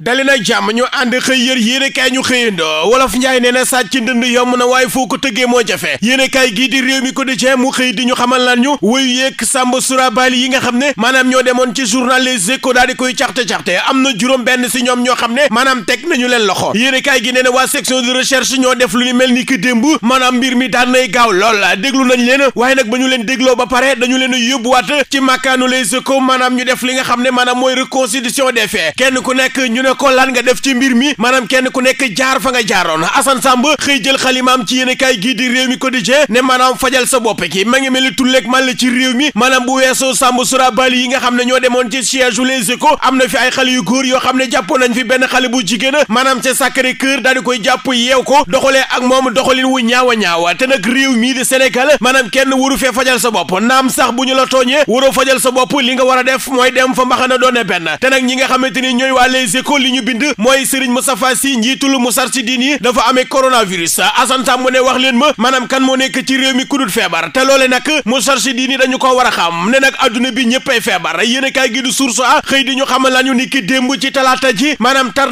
dali na jàmm ñu ànd xëy yër yéenekaay ñu xëyandoo wolof njaay nee na sàcc ndënd yomb na waaye foo ko tëggee moo jafe yéenekaay gii di réew mi quotidien mu xëy di ñu xamal lan ñu wéyu yeeg Samba Surabali yi nga xam ne maanaam ñoo demoon ci journal Les Échos daal di koy caxte-caxte am na juróom benn si ñoom ñoo xam ne maanaam teg nañu leen loxo yéenekaay gi nee na waa section de recherche ñoo def lu ni mel ni ki démb maanaam mbir mi daan nay gaaw lool déglu nañ leen waaye nag ba leen dégloo ba pare dañu leen yóbbuwaat ci màkkaanu Les Échos maanaam ñu li nga xam ne maanaam mooy reconstitution des faits kenn ku nekk ne ko lan nga def ci mbir mi maanaam kenn ku nekk jaar fanga jaaroon Assane Samb xëy jël xalimaam ci yéenekaay gii di réew mi quotidien ne maanaam fajal sa bopp ki ma ngi mel ni tulleeg man la ci réew mi maanaam bu weesoo Samb Surabali yi nga xam ne ñoo demoon ci siège u Les Échos am na fi ay xale yu góor yoo xam ne jàppoon nañ fi benn xale bu jigéen maanaam ca Sacré-Cœur daal di koy jàpp yeew ko doxalee ak moom doxalin wu ñaawa ñaawa te nag réew mii di Sénégal maanaam kenn waru fee fajal sa bopp naam sax bu ñu la tooñee waroo fajal sa bopp li nga war a def mooy dem fa mbaxana doone benn te nag ñi nga xamante ni ñooy waa Les ko li ñu bind mooy Serigne Moustapha Sy njiitul Moustarchidine yi dafa amee coronavirus Assane Samb mu ne wax leen ma maanaam kan moo nekk ci réew mi ku dul feebar te loole nag Moustarchidine yi dañu ko war a xam ne nag adduna bi ñëppay feebar yéen a kaay gi du source a xëy di ñu xamal lañu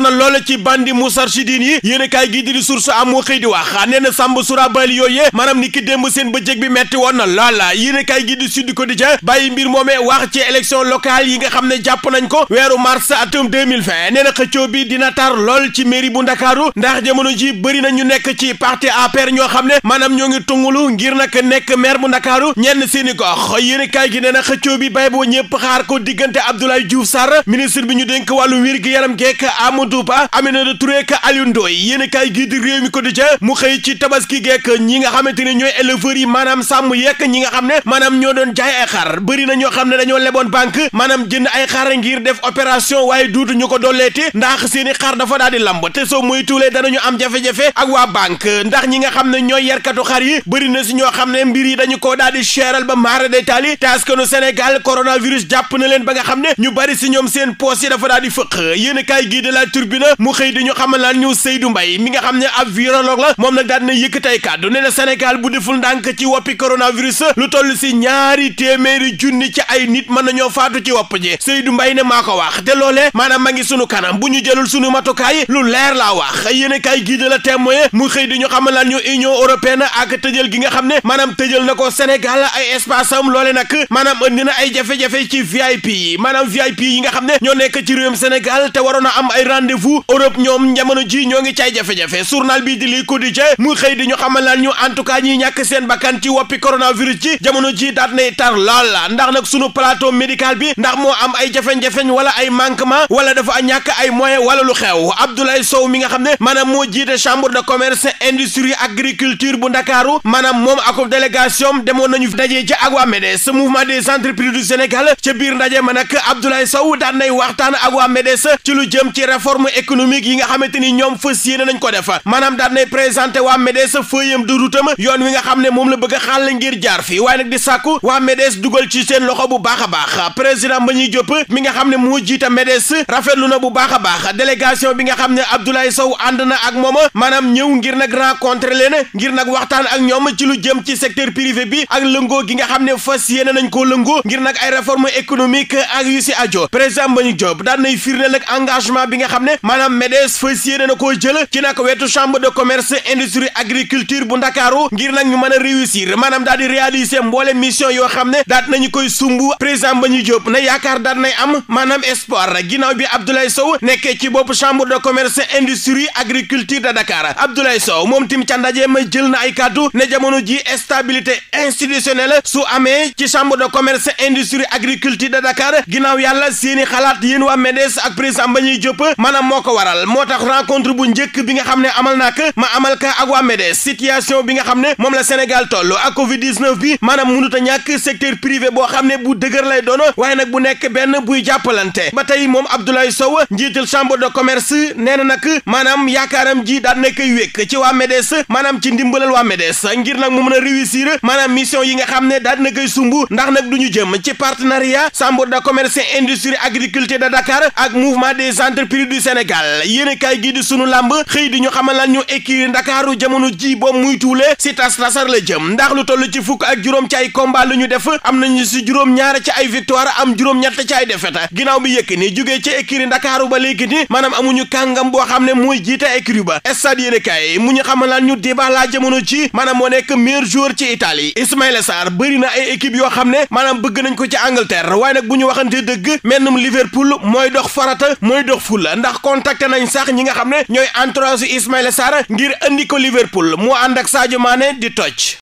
na loola ci bandi yi yéen a kaay démb seen bëccëg bi metti woon na loola yéen a kaay gi di Sud bàyyi mbir moomee wax ci élection locale yi nga xam ne jàpp nañ xëccoo bi dina tar lool ci mairie bu ndakaaru ndax jamono ji bëri na ñu nekk ci parti APR ñoo xam ne maanaam ñoo ngi tungulu ngir nag nekk maire bu ndakaaru ñenn seeni gox yéen kaay gi nee na xëccoo bi bay boo ñëpp xaar ko diggante Abdoulaye Diouf sar ministre bi ñu dénk wàllu wér gi yaram geek Amadou Ba na Touré ak Aliou Ndoye yéen kaay gi di réew mi ko di mu xëy ci tabaski geek ñi nga xamante ne ñooy éleveurs yi maanaam sàmm yeek ñi nga xam ne maanaam ñoo doon jaay ay xar bëri na ñoo xam ne dañoo leboon banque maanaam jënd ay xar ngir def opération waaye duutu ñu ko dolleeti ci ndax seeni xar dafa daal di lamb te soo muy tuulee danañu am jafe-jafe ak waa banque ndax ñi nga xam ne ñooy yarkatu xar yi bëri na si ñoo xam ne mbir yi dañu koo daal di cheral ba maara day taali te askanu Sénégal coronavirus jàpp na leen ba nga xam ne ñu bari si ñoom seen poos yi dafa daal di fëq yéen a kaay gii de la turbine mu xëy di ñu xamal laan ñu du mbay mi nga xam ne ab virologue la moom nag daal na yëkkatay kàddu ne na Sénégal bu deful ndànk ci woppi coronavirus lu toll si ñaari téeméeri junni ci ay nit mën nañoo faatu ci wopp ji Seydou Mbaye ne maa ma ngi sunu bu ñu jëlul suñu matukaay lu leer laa wax yéen a kaay gii de la mu xëy di ñu xamal laan ñu union européenne ak tëjël gi nga xam ne maanaam tëjël na ko Sénégal ay espace loole nag maanaam indi na ay jafe-jafe ci VIP yi maanaam VIP yi nga xam ne ñoo nekk ci réewum Sénégal te waroon am ay rendez-vous ñoom jamono ji ñoo ngi caay jafe-jafe journal bii di lii Quotidien mu xëy di ñu xamal laan ñu en tout cas ñi ñàkk seen bakkan ci woppi coronavirus ci jamono ji daat nay tar lool la ndax nag sunu plateau médical bi ndax moo am ay jafe-jafeñ wala ay manquement wala dafa ñàkk ay moyens wala lu xew Abdoulaye Sow mi nga xam ne maanaam moo jiite chambre de commerce industrie agriculture bu ndakaaru maanaam moom akub délégation demoon nañu dajee ci ak waa MEDES ma de entreprises du Sénégal ca biir ndaje ma nag Abdoulaye Sow daan nay waxtaan ak waa MEDES ci lu jëm ci réforme économique yi nga xamante ni ñoom fas yéene nañ ko defa maanaam daan nay présenté waa MEDES feuille de route am yoon wi nga xam ne moom la bëgg a xàll jaar fi waaye nag di sàkku waa MEDES dugal ci seen loxo bu baax a baax président Mbagnick Diop mi nga xam ne moo jiite MEDES rafetlu na bu baax baax a baax bi nga xam ne Abdoulaye Sow ànd na ak moom maanaam ñëw ngir nag rencontré leen ngir nag waxtaan ak ñoom ci lu jëm ci secteur privé bi ak lëngoo gi nga xam ne fas yéene nañ koo lëngoo ngir nag ay réforme économique ak yu si ajo président Mbagnick joob daan nay firndeel nag engagement bi nga xam ne maanaam MEDES fas yéene na ko jël ci nag wetu chambre de commerce industrie agriculture bu Ndakaaru ngir nag ñu mën a réussir maanaam daal mboole mission yoo xam ne daat nañu koy sumb président Mbagnick Diop na yaakaar daat nay am maanaam espoir ginnaaw bi Abdoulaye Sow Sow nekkee ci bopp chambre de commerce industrie agriculture de Dakar Abdoulaye Sow moom tim ca ndaje ma jël na ay kàddu ne jamono ji stabilité institutionnelle su amee ci chambre de commerce industrie agriculture de Dakar ginnaaw yàlla seeni xalaat yéen waa MEDES ak président Mbagnick Diop maanaam moo ko waral moo tax rencontre bu njëkk bi nga xam ne amal naa ko ma amal ka ak waa MEDES situation bi nga xam ne moom la Sénégal toll ak Covid 19 bi maanaam mënut a ñàkk secteur privé boo xam ne bu dëgër lay doon waaye nag bu nekk benn buy jàppalante ba tey moom Abdoulaye Sow njiital chambre de commerce nee na nag maanaam yaakaaram ji daan na koy wékk ci waa MEDES maanaam ci ndimbalal waa MEDES ngir nag mu mën a réussir maanaam mission yi nga xam ne daan na koy sumb ndax nag du ñu jëm ci partenariat chambre de commerce et industrie agriculture de Dakar ak mouvement des entreprises du Sénégal yéen kay gi di sunu lamb xëy di ñu xamal lan ñu écurie Ndakaaru jamono jii boobu muy tuule si tas tasar la jëm ndax lu toll ci fukk ak juróom ci ay combat ñu def am nañu si juróom ñaar ci ay victoire am juróom ñett ci ba léegi ni maanaam amuñu kàngam boo xam ne mooy jiite écurie ba stade yéen kaay mu ñu xamal laan ñu débat laa jamono ci maanaam moo nekk meilleur joueur ci Italie Ismaïla Sarr bëri na ay équipe yoo xam ne maanaam bëgg nañ ko ci Angleterre waaye nag wax ñu waxante dëgg mennum Liverpool mooy dox farata mooy dox fulla ndax contacté nañ sax ñi nga xam ne ñooy entourage Ismaïla Sarr ngir andi ko Liverpool mu ànd ak Sadio di toj